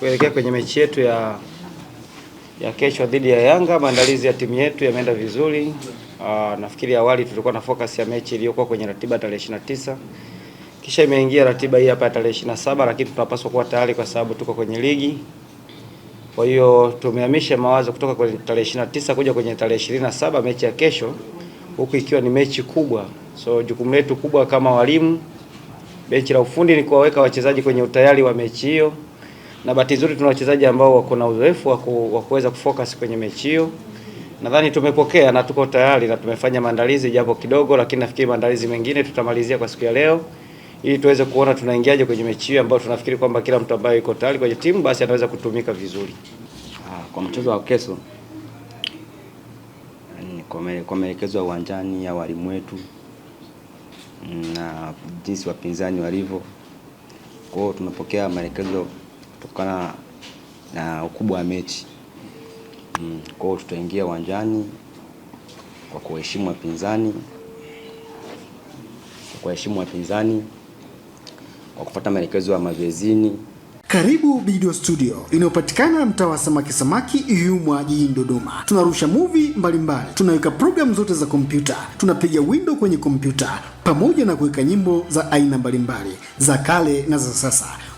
kuelekea kwenye mechi yetu ya, ya kesho dhidi ya Yanga, maandalizi ya timu yetu yameenda vizuri. Uh, nafikiri awali tulikuwa na focus ya mechi iliyokuwa kwenye ratiba tarehe 29 kisha imeingia ratiba hii hapa ya tarehe 27, lakini tunapaswa kuwa tayari kwa sababu tuko kwenye ligi. Kwa hiyo tumehamisha mawazo kutoka kwenye tarehe 29 kuja kwenye tarehe 27, mechi ya kesho, huku ikiwa ni mechi kubwa. So jukumu letu kubwa kama walimu, benchi la ufundi, ni kuwaweka wachezaji kwenye utayari wa mechi hiyo na bahati nzuri tuna wachezaji ambao wako na uzoefu wa kuweza kufocus kwenye mechi hiyo. Nadhani tumepokea na tuko tayari na tumefanya maandalizi japo kidogo, lakini nafikiri maandalizi mengine tutamalizia kwa siku ya leo ili tuweze kuona tunaingiaje kwenye mechi hiyo ambayo tunafikiri kwamba kila mtu ambaye yuko tayari kwenye timu basi anaweza kutumika vizuri. Ah, kwa mchezo wa kesho, mm, kwa maelekezo ya uwanjani ya walimu wetu mm, na jinsi wapinzani walivyo, kwa hiyo tunapokea maelekezo kutokana na ukubwa wa mechi. Mm, kwa hiyo tutaingia uwanjani kwa kuheshimu wapinzani, kwa kuheshimu wapinzani, kwa kufuata maelekezo ya mazoezini. Karibu Video Studio inayopatikana mtaa wa samaki samaki yumwa jijini Dodoma. Tunarusha movie mbalimbali, tunaweka programu zote za kompyuta, tunapiga window kwenye kompyuta pamoja na kuweka nyimbo za aina mbalimbali za kale na za sasa.